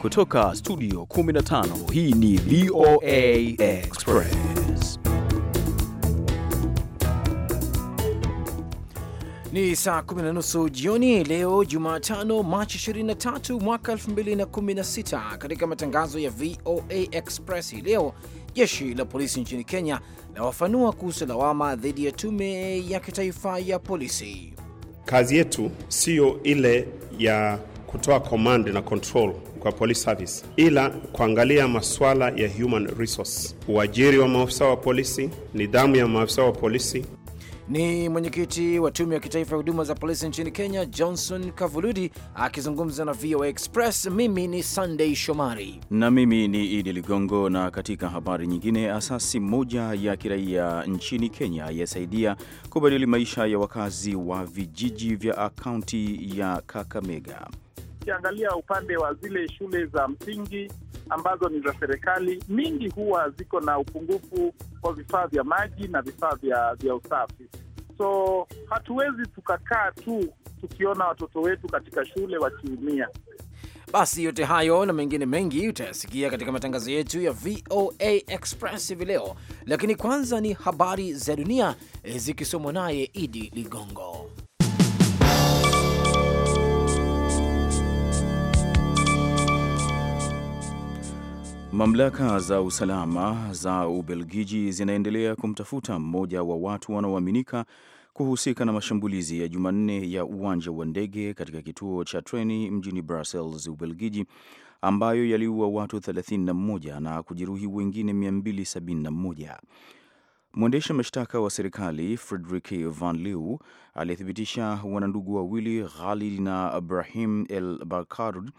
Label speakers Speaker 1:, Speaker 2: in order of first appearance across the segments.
Speaker 1: Kutoka studio 15 hii ni VOA Express.
Speaker 2: Ni saa kumi na nusu jioni leo Jumatano, Machi 23 mwaka 2016. Katika matangazo ya VOA Express hii leo, jeshi la polisi nchini Kenya lawafanua kuhusu lawama dhidi ya tume ya kitaifa ya polisi.
Speaker 3: Kazi yetu siyo ile ya kutoa command na control kwa police service, ila kuangalia masuala ya human resource, uajiri wa maafisa wa polisi, nidhamu ya maafisa wa polisi.
Speaker 2: Ni mwenyekiti wa tume ya kitaifa ya huduma za polisi nchini Kenya, Johnson Kavuludi, akizungumza na VOA Express. Mimi ni Sunday Shomari
Speaker 1: na mimi ni Idi Ligongo. Na katika habari nyingine, asasi moja ya kiraia nchini Kenya yasaidia kubadili maisha ya wakazi wa vijiji vya kaunti ya Kakamega
Speaker 4: ukiangalia upande wa zile shule za msingi ambazo ni za serikali, mingi huwa ziko na upungufu wa vifaa vya maji na vifaa vya, vya usafi. So hatuwezi tukakaa tu tukiona watoto wetu katika shule wakiumia.
Speaker 2: Basi yote hayo na mengine mengi utayasikia katika matangazo yetu ya VOA Express hivi leo, lakini kwanza ni habari za dunia eh, zikisomwa naye Idi Ligongo.
Speaker 1: Mamlaka za usalama za Ubelgiji zinaendelea kumtafuta mmoja wa watu wanaoaminika kuhusika na mashambulizi ya Jumanne ya uwanja wa ndege katika kituo cha treni mjini Brussels, Ubelgiji, ambayo yaliua watu 31 na kujeruhi wengine 271. Mwendesha mashtaka wa serikali Frederick Van Leeuw alithibitisha wanandugu wawili ghalid na Ibrahim El barkard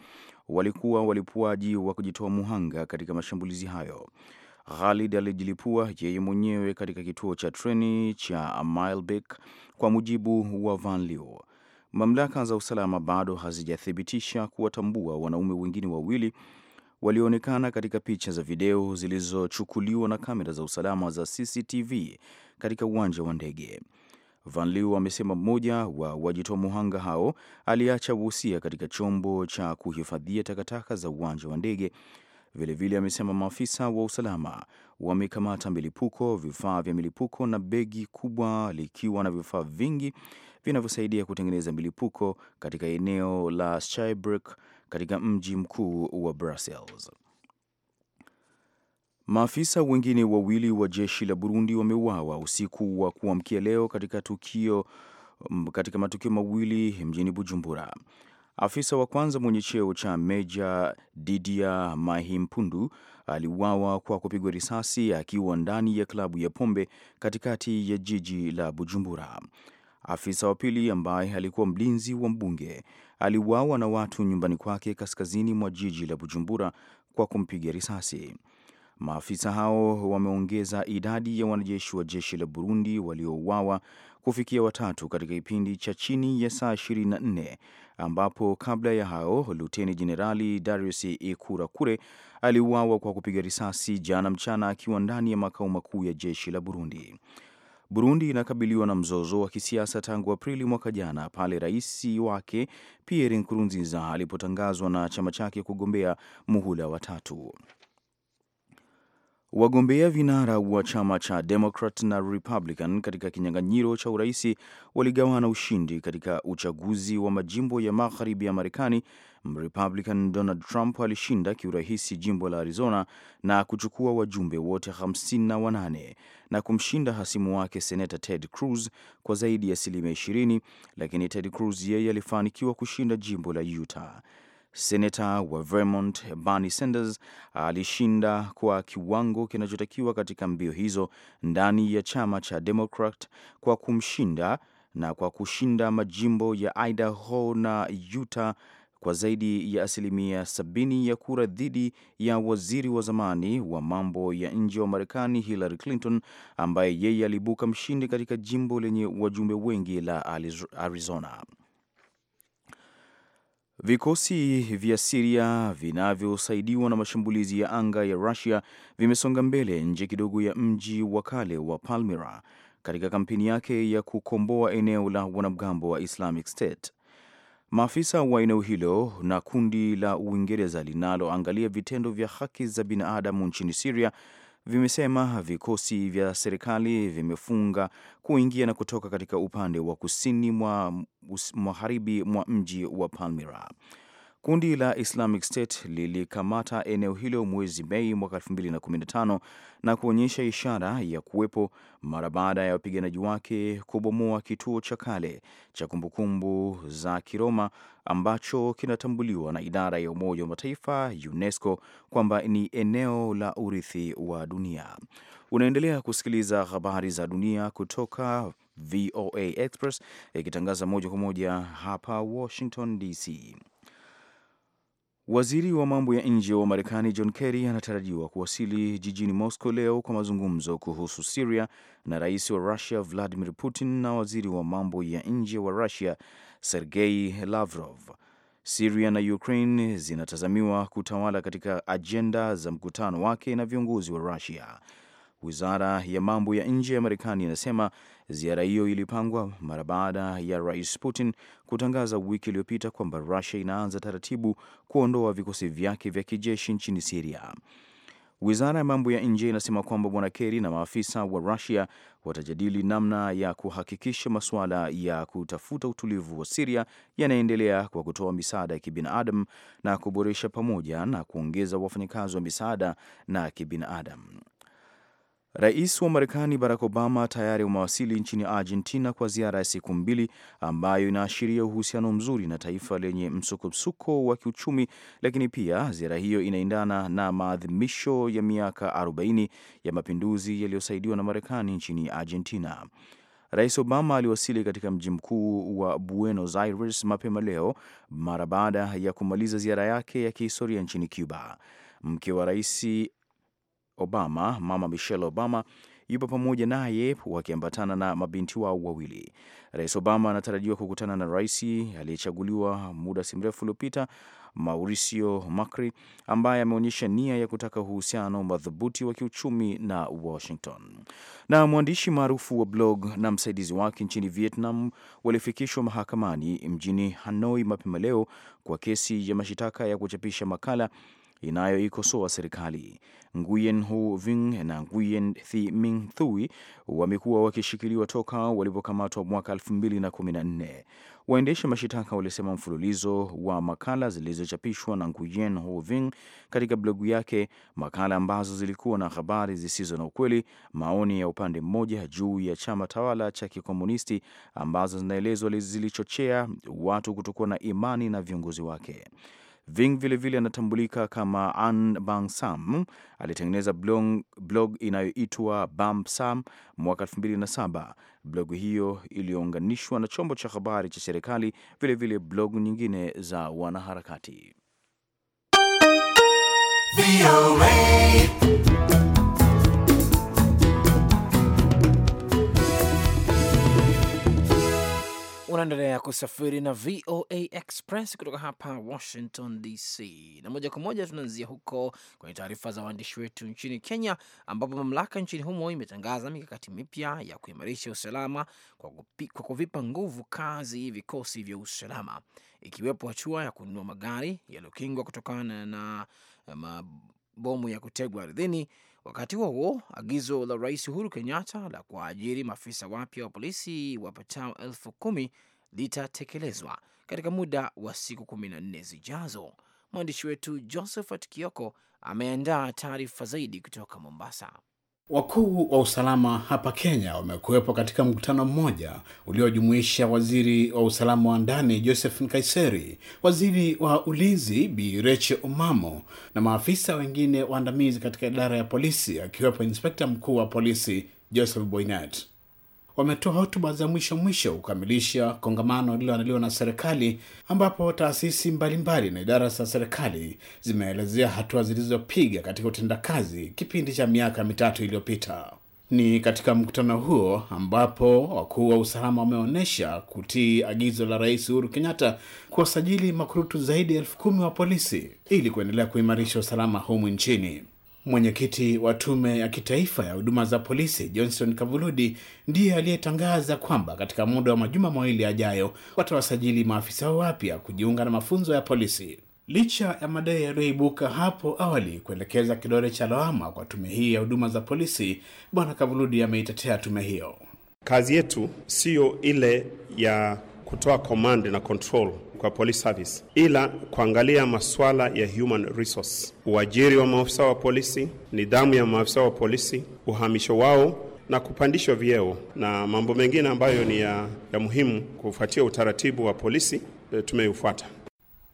Speaker 1: walikuwa walipuaji wa kujitoa muhanga katika mashambulizi hayo. Ghalid alijilipua yeye mwenyewe katika kituo cha treni cha milbik kwa mujibu wa Van Leeuw. Mamlaka za usalama bado hazijathibitisha kuwatambua wanaume wengine wawili walioonekana katika picha za video zilizochukuliwa na kamera za usalama za CCTV katika uwanja wa ndege. Van Liu amesema mmoja wa wajitoa muhanga hao aliacha wosia katika chombo cha kuhifadhia takataka za uwanja wa ndege. Vilevile amesema maafisa wa usalama wamekamata milipuko, vifaa vya milipuko na begi kubwa likiwa na vifaa vingi vinavyosaidia kutengeneza milipuko katika eneo la Schaerbeek katika mji mkuu wa Brussels. Maafisa wengine wawili wa jeshi la Burundi wameuawa usiku wa kuamkia leo katika tukio katika matukio mawili mjini Bujumbura. Afisa wa kwanza mwenye cheo cha meja Didia Mahimpundu aliuawa kwa kupigwa risasi akiwa ndani ya klabu ya pombe katikati ya jiji la Bujumbura. Afisa wa pili ambaye alikuwa mlinzi wa mbunge aliuawa na watu nyumbani kwake kaskazini mwa jiji la Bujumbura kwa kumpiga risasi. Maafisa hao wameongeza idadi ya wanajeshi wa jeshi la Burundi waliouawa kufikia watatu katika kipindi cha chini ya saa 24 ambapo kabla ya hao Luteni Jenerali Darius ikura Kure aliuawa kwa kupiga risasi jana mchana akiwa ndani ya makao makuu ya jeshi la Burundi. Burundi inakabiliwa na mzozo wa kisiasa tangu Aprili mwaka jana pale rais wake Pierre Nkurunziza alipotangazwa na chama chake kugombea muhula wa tatu. Wagombea vinara wa chama cha Democrat na Republican katika kinyang'anyiro cha uraisi waligawana ushindi katika uchaguzi wa majimbo ya magharibi ya Marekani Mrepublican Donald Trump alishinda kiurahisi jimbo la Arizona na kuchukua wajumbe wote 58 na kumshinda hasimu wake senata Ted Cruz kwa zaidi ya asilimia 20, lakini Ted Cruz yeye alifanikiwa kushinda jimbo la Utah. Senata wa Vermont Bernie Sanders alishinda kwa kiwango kinachotakiwa katika mbio hizo ndani ya chama cha Democrat kwa kumshinda na kwa kushinda majimbo ya Idaho na Utah kwa zaidi ya asilimia sabini ya kura dhidi ya waziri wa zamani wa mambo ya nje wa Marekani Hillary Clinton, ambaye yeye alibuka mshindi katika jimbo lenye wajumbe wengi la Arizona. Vikosi vya Siria vinavyosaidiwa na mashambulizi ya anga ya Rusia vimesonga mbele nje kidogo ya mji wa kale wa Palmira katika kampeni yake ya kukomboa eneo la wanamgambo wa Islamic State. Maafisa wa eneo hilo na kundi la Uingereza linaloangalia vitendo vya haki za binadamu nchini Siria vimesema vikosi vya serikali vimefunga kuingia na kutoka katika upande wa kusini mwa magharibi mwa mji wa Palmira. Kundi la Islamic State lilikamata eneo hilo mwezi Mei mwaka 2015 na kuonyesha ishara ya kuwepo mara baada ya wapiganaji wake kubomoa kituo cha kale cha kumbukumbu za Kiroma ambacho kinatambuliwa na idara ya Umoja wa Mataifa UNESCO kwamba ni eneo la urithi wa dunia. Unaendelea kusikiliza habari za dunia kutoka VOA Express ikitangaza moja kwa moja hapa Washington DC. Waziri wa mambo ya nje wa Marekani John Kerry anatarajiwa kuwasili jijini Moscow leo kwa mazungumzo kuhusu Syria na rais wa Russia Vladimir Putin na waziri wa mambo ya nje wa Russia Sergei Lavrov. Syria na Ukraine zinatazamiwa kutawala katika ajenda za mkutano wake na viongozi wa Russia. Wizara ya mambo ya nje ya Marekani inasema ziara hiyo ilipangwa mara baada ya Rais Putin kutangaza wiki iliyopita kwamba Rusia inaanza taratibu kuondoa vikosi vyake vya kijeshi nchini Siria. Wizara ya mambo ya nje inasema kwamba Bwana Kerry na maafisa wa Rusia watajadili namna ya kuhakikisha masuala ya kutafuta utulivu wa Siria yanaendelea kwa kutoa misaada ya kibinadamu na kuboresha pamoja na kuongeza wafanyakazi wa misaada na kibinadamu. Rais wa Marekani Barack Obama tayari umewasili nchini Argentina kwa ziara ya siku mbili ambayo inaashiria uhusiano mzuri na taifa lenye msukosuko wa kiuchumi, lakini pia ziara hiyo inaendana na maadhimisho ya miaka 40 ya mapinduzi yaliyosaidiwa na Marekani nchini Argentina. Rais Obama aliwasili katika mji mkuu wa Buenos Aires mapema leo mara baada ya kumaliza ziara yake ya kihistoria nchini Cuba. Mke wa rais Obama, mama Michelle Obama yupo pamoja naye wakiambatana na mabinti wao wawili. Rais Obama anatarajiwa kukutana na rais aliyechaguliwa muda si mrefu uliopita Mauricio Macri, ambaye ameonyesha nia ya kutaka uhusiano madhubuti wa kiuchumi na Washington. Na mwandishi maarufu wa blog na msaidizi wake nchini Vietnam walifikishwa mahakamani mjini Hanoi mapema leo kwa kesi ya mashitaka ya kuchapisha makala inayoikosoa serikali. Nguyen Hu ving na Nguyen Thi Ming Thui wamekuwa wakishikiliwa toka walipokamatwa mwaka 2014. Waendesha mashitaka walisema mfululizo wa makala zilizochapishwa na Nguyen Hu Ving katika blogu yake, makala ambazo zilikuwa na habari zisizo na ukweli, maoni ya upande mmoja juu ya chama tawala cha kikomunisti, ambazo zinaelezwa zilichochea watu kutokuwa na imani na viongozi wake. Ving vilevile anatambulika kama An Bang Sam. Alitengeneza blog, blog inayoitwa Bam Sam mwaka 2007. Blogu hiyo iliyounganishwa na chombo cha habari cha serikali, vilevile blogu nyingine za wanaharakati.
Speaker 2: Unaendelea kusafiri na VOA Express kutoka hapa Washington DC, na moja kwa moja tunaanzia huko kwenye taarifa za waandishi wetu nchini Kenya, ambapo mamlaka nchini humo imetangaza mikakati mipya ya kuimarisha usalama kwa, kupi, kwa kuvipa nguvu kazi vikosi vya usalama, ikiwepo hatua ya kununua magari yaliyokingwa kutokana na mabomu ya kutegwa ardhini. Wakati huo huo, agizo la Rais Uhuru Kenyatta la kuwaajiri maafisa wapya wa polisi wapatao elfu kumi litatekelezwa katika muda wa siku kumi na nne zijazo. Mwandishi wetu Josephat Kioko ameandaa taarifa zaidi kutoka Mombasa.
Speaker 3: Wakuu wa usalama hapa Kenya wamekuwepo katika mkutano mmoja uliojumuisha waziri wa usalama wa ndani Joseph Nkaiseri, waziri wa ulinzi Bi Reche Omamo na maafisa wengine waandamizi katika idara ya polisi akiwepo inspekta mkuu wa polisi Joseph Boynet wametoa hotuba za mwisho mwisho kukamilisha kongamano lililoandaliwa na serikali ambapo taasisi mbalimbali na idara za serikali zimeelezea hatua zilizopiga katika utendakazi kipindi cha miaka mitatu iliyopita. Ni katika mkutano huo ambapo wakuu wa usalama wameonyesha kutii agizo la Rais Uhuru Kenyatta kuwasajili makurutu zaidi ya elfu kumi wa polisi ili kuendelea kuimarisha usalama humu nchini. Mwenyekiti wa Tume ya Kitaifa ya Huduma za Polisi Johnson Kavuludi ndiye aliyetangaza kwamba katika muda wa majuma mawili yajayo watawasajili maafisa wapya kujiunga na mafunzo ya polisi. Licha ya madai yaliyoibuka hapo awali kuelekeza kidole cha lawama kwa tume hii ya huduma za polisi, Bwana Kavuludi ameitetea tume hiyo. Kazi yetu siyo ile ya kutoa command na control kwa police service, ila kuangalia masuala ya human resource, uajiri wa maafisa wa polisi, nidhamu ya maafisa wa polisi, uhamisho wao na kupandishwa vyeo na mambo mengine ambayo ni ya, ya muhimu kufuatia utaratibu wa polisi eh, tumeufuata.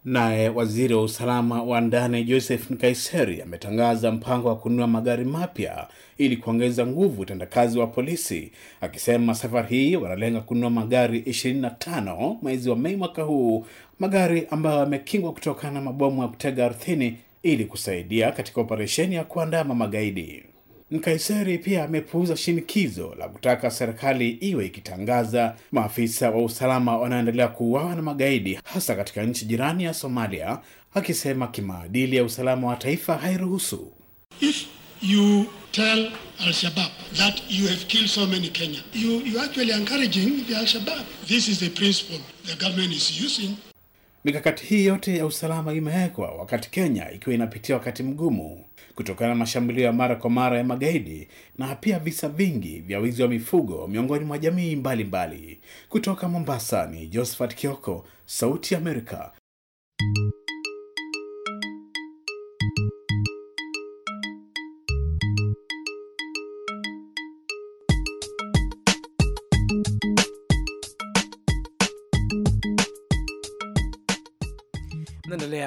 Speaker 3: Naye waziri wa usalama wa ndani Joseph Nkaiseri ametangaza mpango wa kununua magari mapya ili kuongeza nguvu utendakazi wa polisi, akisema safari hii wanalenga kununua magari 25 mwezi wa Mei mwaka huu, magari ambayo yamekingwa kutokana na mabomu ya kutega ardhini ili kusaidia katika operesheni ya kuandama magaidi. Mkaiseri pia amepuuza shinikizo la kutaka serikali iwe ikitangaza maafisa wa usalama wanaoendelea kuuawa na magaidi hasa katika nchi jirani ya Somalia, akisema kimaadili ya usalama wa taifa hairuhusu. If you tell al that you have killed so many Kenya, you, you actually encouraging the al This is the principle the government is using. Mikakati hii yote ya usalama imewekwa wakati Kenya ikiwa inapitia wakati mgumu kutokana na mashambulio ya mara kwa mara ya magaidi na pia visa vingi vya wizi wa mifugo miongoni mwa jamii mbalimbali Kutoka Mombasa ni Josephat Kioko, Sauti ya Amerika,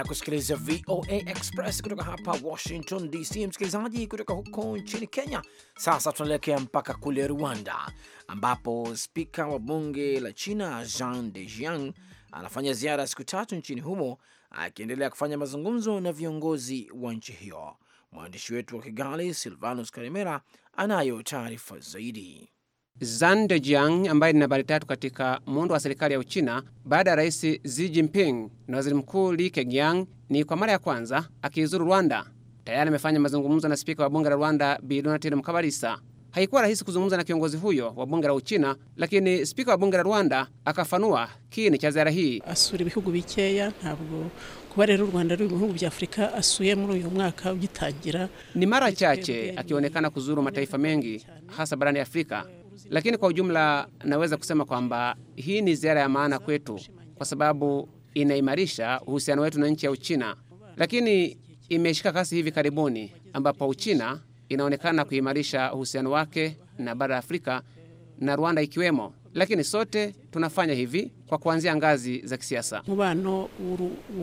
Speaker 2: Unaendelea kusikiliza VOA Express kutoka hapa Washington DC, msikilizaji kutoka huko nchini Kenya. Sasa tunaelekea mpaka kule Rwanda, ambapo spika wa bunge la China Jean de Jiang anafanya ziara ya siku tatu nchini humo, akiendelea kufanya mazungumzo na viongozi wa nchi hiyo. Mwandishi wetu wa
Speaker 5: Kigali Silvanus Karimera anayo taarifa zaidi. Zandejiang ambaye ni nambari tatu katika muundo wa serikali ya Uchina baada ya Rais Xi Jinping na Waziri Mkuu Li Keqiang ni kwa mara ya kwanza akizuru Rwanda. Tayari amefanya mazungumzo na spika wa bunge la Rwanda Bi Donatille Mukabalisa. Haikuwa rahisi kuzungumza na kiongozi huyo wa bunge la Uchina, lakini spika wa bunge la Rwanda akafanua kiini cha ziara hii.
Speaker 3: asura ibihugu bikeya
Speaker 5: ntabwo kuba rero u Rwanda
Speaker 3: ruri mu bihugu bya Afurika asuye muri uyu
Speaker 5: mwaka ugitangira. Ni mara chache akionekana kuzuru mataifa mengi hasa barani Afrika lakini kwa ujumla, naweza kusema kwamba hii ni ziara ya maana kwetu kwa sababu inaimarisha uhusiano wetu na nchi ya Uchina, lakini imeshika kasi hivi karibuni, ambapo Uchina inaonekana kuimarisha uhusiano wake na bara la Afrika na Rwanda ikiwemo lakini sote tunafanya hivi kwa kuanzia ngazi za kisiasa.
Speaker 3: mubano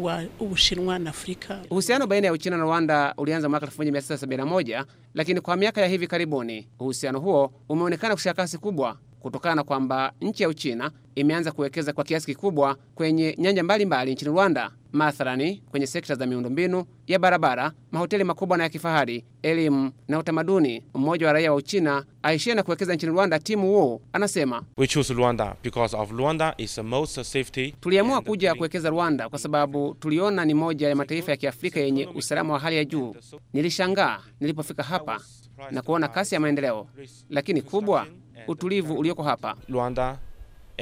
Speaker 3: wa Ubushinwa na Afrika.
Speaker 5: Uhusiano baina ya Uchina na Rwanda ulianza mwaka 1971 lakini kwa miaka ya hivi karibuni uhusiano huo umeonekana kushika kasi kubwa kutokana na kwamba nchi ya Uchina imeanza kuwekeza kwa kiasi kikubwa kwenye nyanja mbalimbali nchini Rwanda, mathalani kwenye sekta za miundombinu ya barabara, mahoteli makubwa na ya kifahari, elimu na utamaduni. Mmoja wa raia wa Uchina aishia na kuwekeza nchini Rwanda, Timu Wu, anasema We choose Rwanda because of Rwanda is the most safety. Tuliamua kuja kuwekeza Rwanda kwa sababu tuliona ni moja ya mataifa ya Kiafrika yenye usalama wa hali ya juu. Nilishangaa nilipofika hapa na kuona kasi ya maendeleo, lakini kubwa utulivu ulioko hapa Luanda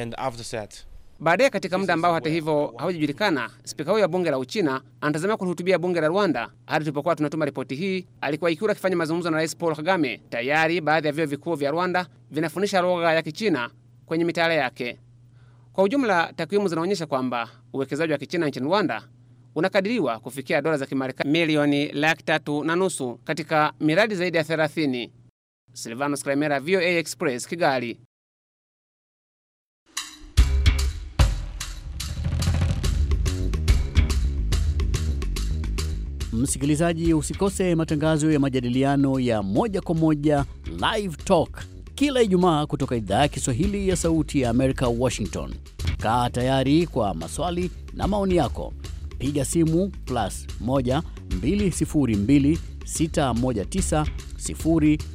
Speaker 5: and after that. Baadaye katika muda ambao hata hivyo haujajulikana, spika huyo wa bunge la Uchina anatazamia kulihutubia bunge la Rwanda. Hadi tulipokuwa tunatuma ripoti hii, alikuwa Ikulu akifanya mazungumzo na Rais Paul Kagame. Tayari baadhi ya vyuo vikuu vya Rwanda vinafundisha lugha ya Kichina kwenye mitaala yake. Kwa ujumla, takwimu zinaonyesha kwamba uwekezaji wa Kichina nchini Rwanda unakadiriwa kufikia dola za Kimarekani milioni laki tatu na nusu katika miradi zaidi ya 30. Silvanos Kalemera, VOA Express, Kigali.
Speaker 3: Msikilizaji, usikose matangazo ya majadiliano ya moja kwa moja Live Talk kila Ijumaa kutoka idhaa ya Kiswahili ya Sauti ya Amerika, Washington. Kaa tayari kwa maswali na maoni yako, piga simu plus 1 202 619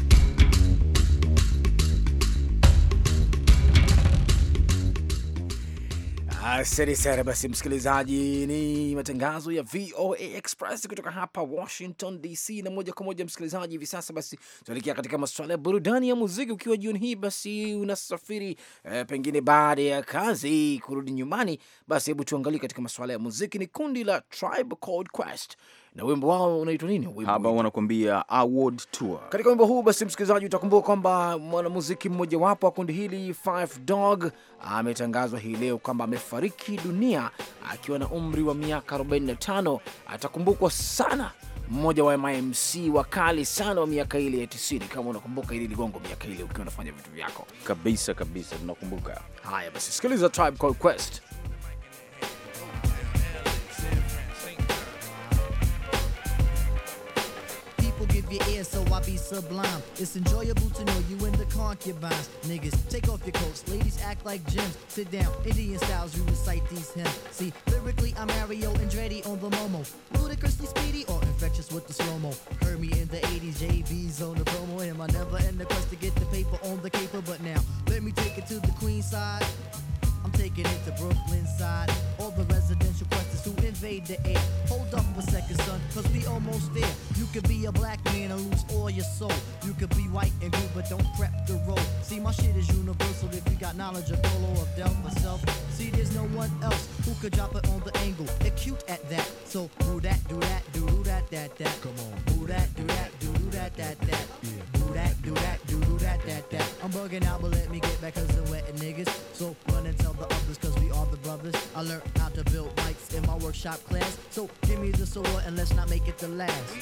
Speaker 3: Asante
Speaker 2: sana. Basi msikilizaji, ni matangazo ya VOA Express kutoka hapa Washington DC, na moja kwa moja msikilizaji, hivi sasa basi tunaelekea katika masuala ya burudani ya muziki. Ukiwa jioni hii basi unasafiri eh, pengine baada ya kazi kurudi nyumbani, basi hebu tuangalie katika masuala ya muziki. Ni kundi la Tribe Called Quest na wimbo wao unaitwa nini? Hapa wanakuambia Award Tour. Katika wimbo huu basi, msikilizaji, utakumbuka kwamba mwanamuziki mmojawapo wa kundi hili Five Dog ametangazwa hii leo kwamba amefariki dunia akiwa na umri wa miaka 45. Atakumbukwa sana mmoja wa MMC wakali sana wa miaka ile ya 90, kama unakumbuka ili ligongo, miaka ile ukiwa unafanya vitu
Speaker 1: vyako kabisa kabisa. Tunakumbuka haya.
Speaker 2: Basi sikiliza Tribe Called Quest.
Speaker 6: give you so I be sublime. It's enjoyable to know you in the concubines. Niggas, take off your coats. Ladies, act like gems. Sit down, Indian styles, you recite these hymns. See, lyrically, I'm Mario Andretti on the Momo. Ludicrously speedy or infectious with the slow mo. Heard me in the 80s, JV's on the promo. Am I never in the quest to get the paper on the caper? But now, let me take it to the Queen side. I'm taking it to Brooklyn side. All the residential questions to invade the air. Hold up a second, son, cause we almost there. You could be a black man and lose all your soul. You could be white and blue, but don't prep the road. See, my shit is universal if you got knowledge of Dolo, or Delph, or self. See, there's no one else who could drop it on the angle. They're cute at that. So, do that, do that, do that, that, that. Come on. Do that, do that, do that, that, that. Yeah that, do that, do do that, that, that. I'm bugging out, but let me get back, cause they're wetting niggas. So run and tell the others, cause we are the brothers. I learned how to build bikes in my workshop class. So give me the sword and let's not make it the last.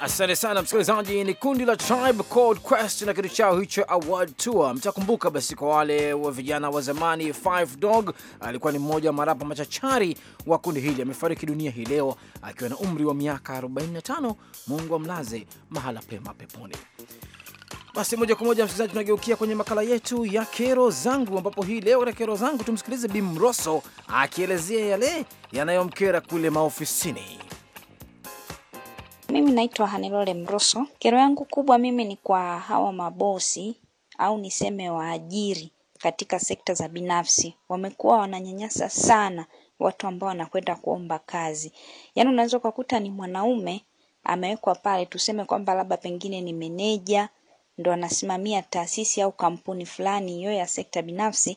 Speaker 2: Asante sana msikilizaji, ni kundi la Tribe Called Quest na kitu chao hicho Award Tour. Mtakumbuka basi, kwa wale wa vijana wa zamani, Five Dog alikuwa ni mmoja wa marapa machachari wa kundi hili, amefariki dunia hii leo akiwa na umri wa miaka 45. Mungu amlaze mahala pema peponi. Basi moja kwa moja msikilizaji, tunageukia kwenye makala yetu ya kero zangu, ambapo hii leo katika kero zangu tumsikilize Bimroso akielezea yale yanayomkera kule maofisini.
Speaker 7: Mimi naitwa Hanelole Mroso. Kero yangu kubwa mimi ni kwa hawa mabosi au niseme waajiri katika sekta za binafsi. Wamekuwa wananyanyasa sana watu ambao wanakwenda kuomba kazi. Yaani unaweza ukakuta ni mwanaume amewekwa pale, tuseme kwamba labda pengine ni meneja, ndo anasimamia taasisi au kampuni fulani hiyo ya sekta binafsi,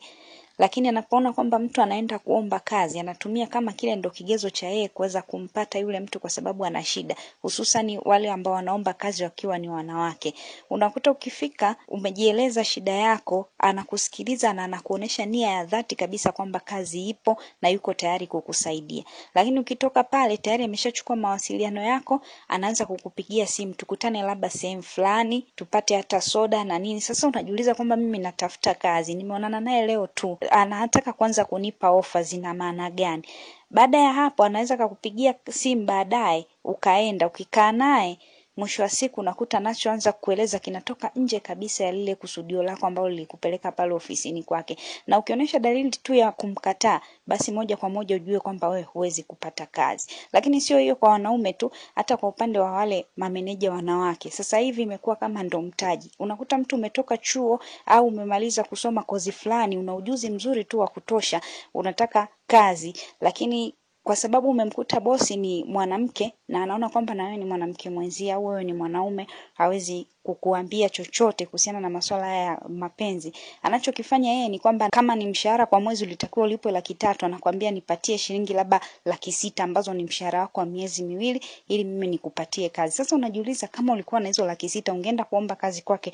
Speaker 7: lakini anapoona kwamba mtu anaenda kuomba kazi, anatumia kama kile ndo kigezo cha yeye kuweza kumpata yule mtu kwa sababu ana shida, hususan wale ambao wanaomba kazi wakiwa ni wanawake. Unakuta ukifika umejieleza shida yako, anakusikiliza na anakuonesha nia ya dhati kabisa kwamba kazi ipo na yuko tayari kukusaidia. Lakini ukitoka pale tayari ameshachukua mawasiliano yako, anaanza kukupigia simu, tukutane labda sehemu fulani, tupate hata soda na nini. Sasa unajiuliza kwamba mimi natafuta kazi, nimeonana naye leo tu, anataka kwanza kunipa ofa zina maana gani. Baada ya hapo, anaweza kakupigia simu baadaye, ukaenda ukikaa naye mwisho wa siku unakuta anachoanza kueleza kinatoka nje kabisa ya lile kusudio lako ambalo lilikupeleka pale ofisini kwake. Na ukionyesha dalili tu ya kumkataa, basi moja kwa moja ujue kwamba wewe huwezi kupata kazi. Lakini sio hiyo kwa wanaume tu, hata kwa upande wa wale mameneja wanawake. Sasa hivi imekuwa kama ndo mtaji. Unakuta mtu umetoka chuo au umemaliza kusoma kozi fulani, una ujuzi mzuri tu wa kutosha, unataka kazi lakini kwa sababu umemkuta bosi ni mwanamke na anaona kwamba na wewe ni mwanamke mwenzia au wewe ni mwanaume hawezi kukuambia chochote kuhusiana na masuala ya mapenzi. Anachokifanya yeye ni kwamba kama ni mshahara kwa mwezi ulitakiwa ulipwe laki tatu, anakwambia nipatie shilingi labda laki sita ambazo ni mshahara wako wa miezi miwili ili mimi nikupatie kazi. Sasa unajiuliza kama ulikuwa na hizo laki sita ungeenda kuomba kazi kwake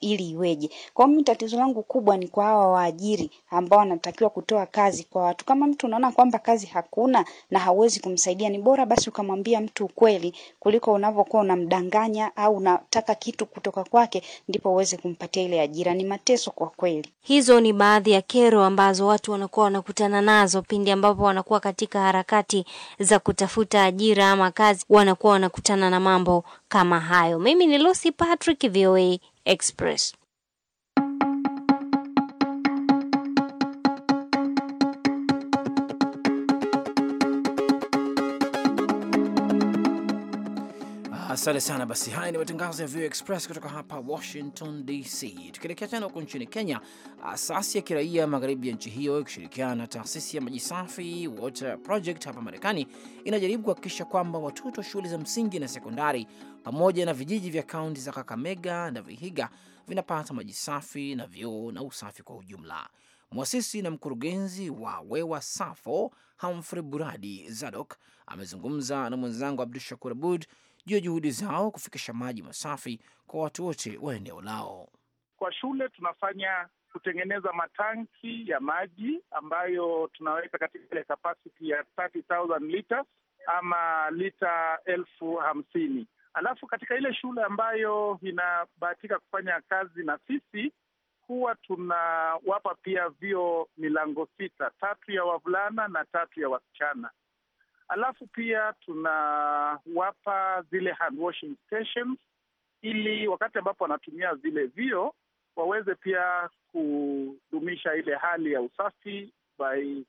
Speaker 7: ili iweje? Kwa mimi tatizo langu kubwa ni kwa hawa waajiri ambao wanatakiwa kutoa kazi kwa watu. Kama mtu unaona kwamba kazi hakuna na hauwezi kumsaidia, ni bora basi ukamwambia mtu ukweli kuliko unavyokuwa unamdanganya au unataka kitu kutoka kwake ndipo uweze kumpatia ile ajira. Ni mateso kwa kweli. Hizo ni baadhi ya kero ambazo watu wanakuwa wanakutana nazo pindi ambapo wanakuwa katika harakati za kutafuta ajira ama kazi, wanakuwa wanakutana na mambo kama hayo. Mimi ni Lucy Patrick, VOA Express.
Speaker 2: Asante sana. Basi haya ni matangazo ya VOA Express kutoka hapa Washington DC. Tukielekea tena huko nchini Kenya, asasi ya kiraia magharibi ya nchi hiyo ikishirikiana na taasisi ya maji safi Water Project hapa Marekani inajaribu kuhakikisha kwamba watoto wa shule za msingi na sekondari pamoja na vijiji vya kaunti za Kakamega na Vihiga vinapata maji safi na vyoo na usafi kwa ujumla. Mwasisi na mkurugenzi wa Wewa Safo Humphrey Buradi Zadok amezungumza na mwenzangu Abdu Shakur Abud juu ya juhudi zao kufikisha maji masafi kwa watu wote wa eneo lao.
Speaker 4: Kwa shule tunafanya kutengeneza matanki ya maji ambayo tunaweka katika ile kapasiti ya 30,000 liters ama lita elfu hamsini. Alafu katika ile shule ambayo inabahatika kufanya kazi na sisi huwa tunawapa pia vio milango sita, tatu ya wavulana na tatu ya wasichana alafu pia tunawapa zile hand washing stations, ili wakati ambapo wanatumia zile vio waweze pia kudumisha ile hali ya usafi by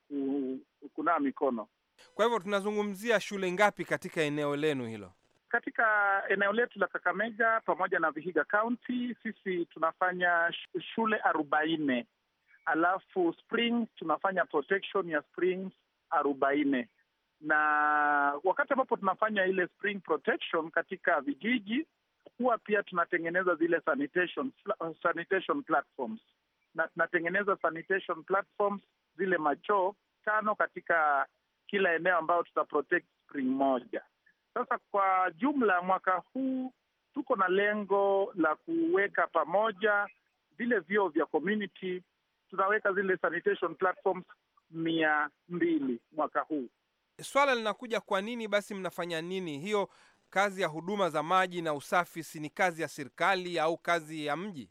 Speaker 4: kunaa mikono. Kwa hivyo tunazungumzia shule ngapi katika eneo lenu hilo? Katika eneo letu la Kakamega pamoja na Vihiga County, sisi tunafanya shule arobaini, alafu spring tunafanya protection ya Springs arobaini na wakati ambapo tunafanya ile spring protection katika vijiji, huwa pia tunatengeneza zile sanitation, sanitation platforms na tunatengeneza sanitation platforms zile machoo tano katika kila eneo ambayo tuta protect spring moja. Sasa kwa jumla mwaka huu tuko na lengo la kuweka pamoja vile vyoo vya community, tunaweka zile sanitation platforms mia mbili mwaka huu swala linakuja, kwa nini basi mnafanya nini? Hiyo kazi ya huduma za maji na usafi si ni kazi ya serikali au kazi ya mji?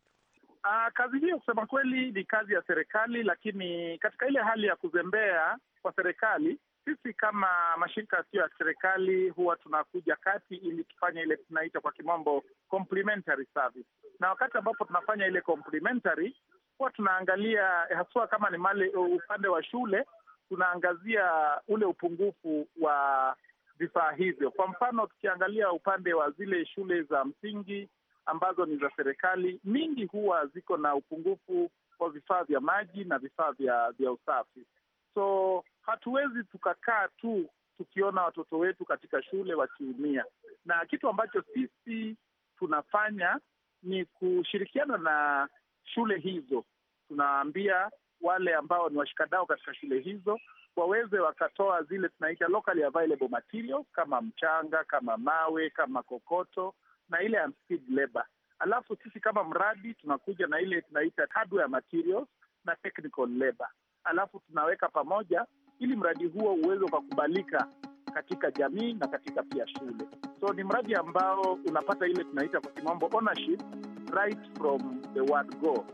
Speaker 4: Aa, ah, kazi hiyo kusema kweli ni kazi ya serikali, lakini katika ile hali ya kuzembea kwa serikali, sisi kama mashirika yasiyo ya serikali huwa tunakuja kati ili tufanye ile tunaita kwa kimombo complementary service, na wakati ambapo tunafanya ile complementary huwa tunaangalia haswa kama ni mali upande wa shule tunaangazia ule upungufu wa vifaa hivyo. Kwa mfano, tukiangalia upande wa zile shule za msingi ambazo ni za serikali, mingi huwa ziko na upungufu wa vifaa vya maji na vifaa vya, vya usafi. So hatuwezi tukakaa tu tukiona watoto wetu katika shule wakiumia, na kitu ambacho sisi tunafanya ni kushirikiana na shule hizo, tunaambia wale ambao ni washikadao katika shule hizo waweze wakatoa zile tunaita locally available kama mchanga, kama mawe, kama kokoto na ile unskilled labor. Alafu sisi kama mradi tunakuja na ile tunaita hardware materials na technical labor, alafu tunaweka pamoja ili mradi huo uweze ukakubalika katika jamii na katika pia shule. So ni mradi ambao unapata ile tunaita kwa kimombo ownership right from the word go.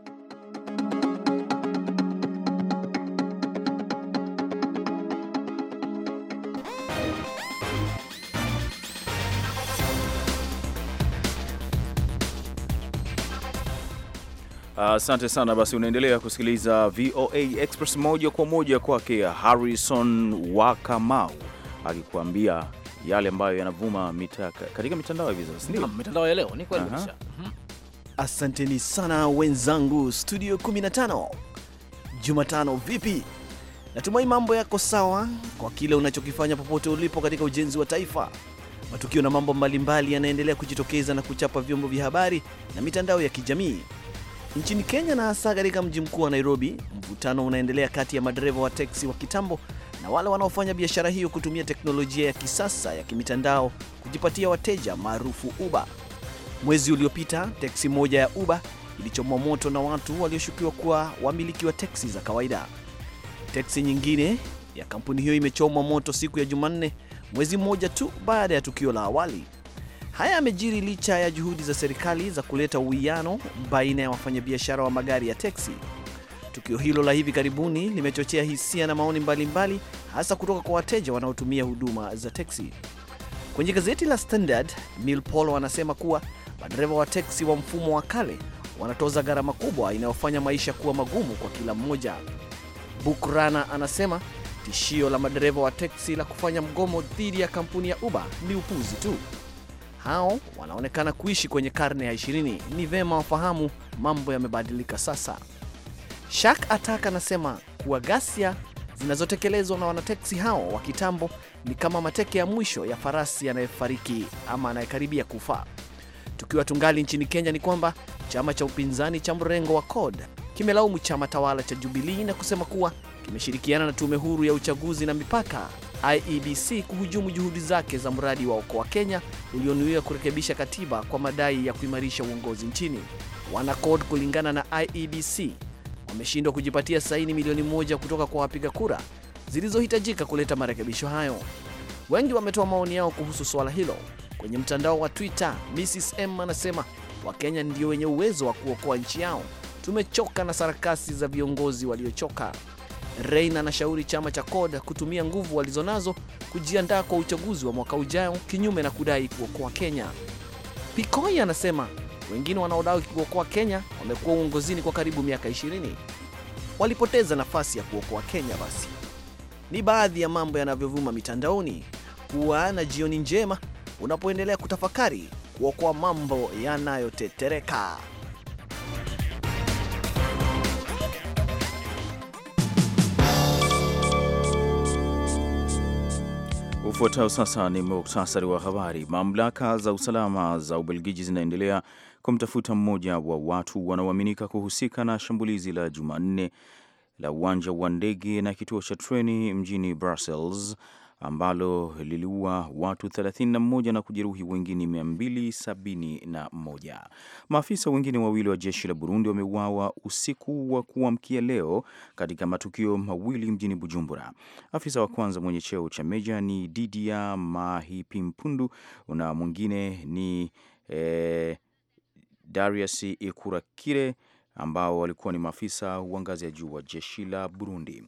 Speaker 1: Ah, asante uh, sana. Basi unaendelea kusikiliza VOA Express moja kwa moja kwake Harrison Wakamau akikuambia yale ambayo yanavuma mitaka katika mitandao hivi sasa. Ndio
Speaker 2: mitandao ya leo ni kweli kabisa. Mhm.
Speaker 8: Asanteni sana wenzangu studio 15. Jumatano vipi? Natumai mambo yako sawa kwa kile unachokifanya popote ulipo katika ujenzi wa taifa. Matukio na mambo mbalimbali yanaendelea kujitokeza na kuchapa vyombo vya habari na mitandao ya kijamii Nchini Kenya na hasa katika mji mkuu wa Nairobi, mvutano unaendelea kati ya madereva wa teksi wa kitambo na wale wanaofanya biashara hiyo kutumia teknolojia ya kisasa ya kimitandao kujipatia wateja maarufu Uber. Mwezi uliopita, teksi moja ya Uber ilichomwa moto na watu walioshukiwa kuwa wamiliki wa teksi za kawaida. Teksi nyingine ya kampuni hiyo imechomwa moto siku ya Jumanne, mwezi mmoja tu baada ya tukio la awali Haya yamejiri licha ya juhudi za serikali za kuleta uwiano baina ya wafanyabiashara wa magari ya teksi. Tukio hilo la hivi karibuni limechochea hisia na maoni mbalimbali mbali, hasa kutoka kwa wateja wanaotumia huduma za teksi. Kwenye gazeti la Standard, Neil Polo anasema kuwa madereva wa teksi wa mfumo wa kale wanatoza gharama kubwa inayofanya maisha kuwa magumu kwa kila mmoja. Bukrana anasema tishio la madereva wa teksi la kufanya mgomo dhidi ya kampuni ya Uber ni upuzi tu hao wanaonekana kuishi kwenye karne ya 20. Ni vema wafahamu mambo yamebadilika sasa. Shak ataka anasema kuwa ghasia zinazotekelezwa na wanateksi hao wa kitambo ni kama mateke ya mwisho ya farasi yanayefariki ama anayekaribia kufa. Tukiwa tungali nchini Kenya, ni kwamba chama cha upinzani cha mrengo wa CORD kimelaumu chama tawala cha Jubilee na kusema kuwa kimeshirikiana na tume huru ya uchaguzi na mipaka IEBC kuhujumu juhudi zake za mradi wa Okoa Kenya ulionuiwa kurekebisha katiba kwa madai ya kuimarisha uongozi nchini. Wanacode, kulingana na IEBC, wameshindwa kujipatia saini milioni moja kutoka kwa wapiga kura zilizohitajika kuleta marekebisho hayo. Wengi wametoa maoni yao kuhusu swala hilo kwenye mtandao wa Twitter. Mrs M anasema Wakenya ndio wenye uwezo wa kuokoa nchi yao, tumechoka na sarakasi za viongozi waliochoka. Reina anashauri chama cha CORD kutumia nguvu walizonazo kujiandaa kwa uchaguzi wa mwaka ujao, kinyume na kudai kuokoa Kenya. Pikoi anasema wengine wanaodai kuokoa Kenya wamekuwa uongozini kwa karibu miaka 20, walipoteza nafasi ya kuokoa Kenya. Basi ni baadhi ya mambo yanavyovuma mitandaoni. Kuwa na jioni njema unapoendelea kutafakari kuokoa mambo yanayotetereka.
Speaker 1: Ufuatao sasa ni muktasari wa habari. Mamlaka za usalama za Ubelgiji zinaendelea kumtafuta mmoja wa watu wanaoaminika kuhusika na shambulizi la Jumanne la uwanja wa ndege na kituo cha treni mjini Brussels ambalo liliua watu 31 na kujeruhi wengine 271. Maafisa wengine wawili wa jeshi la Burundi wameuawa usiku wa kuamkia leo katika matukio mawili mjini Bujumbura. Afisa wa kwanza mwenye cheo cha meja ni Didia Mahipimpundu na mwingine ni eh, Darius Ikurakire ambao walikuwa ni maafisa wa ngazi ya juu wa jeshi la Burundi.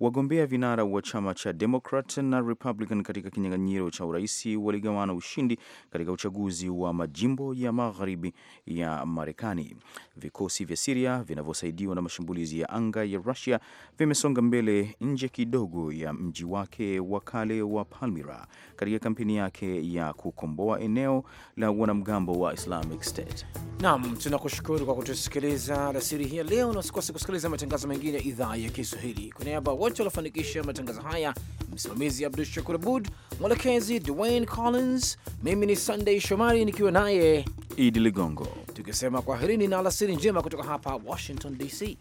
Speaker 1: Wagombea vinara wa chama cha Democrat na Republican katika kinyang'anyiro cha urais waligawana ushindi katika uchaguzi wa majimbo ya magharibi ya Marekani. Vikosi vya Siria vinavyosaidiwa na mashambulizi ya anga ya Rusia vimesonga mbele nje kidogo ya mji wake wa kale wa Palmira katika kampeni yake ya kukomboa eneo la wanamgambo wa Islamic State.
Speaker 2: Naam, tunakushukuru kwa kutusikiliza alasiri hii ya leo, na usikose kusikiliza matangazo mengine ya idhaa ya Kiswahili. Kwa niaba ya wote waliofanikisha matangazo haya, msimamizi Abdu Shakur Abud, mwelekezi Dwayne Collins, mimi ni Sunday Shomari nikiwa naye
Speaker 1: Idi Ligongo,
Speaker 2: tukisema kwaherini na alasiri njema kutoka hapa Washington DC.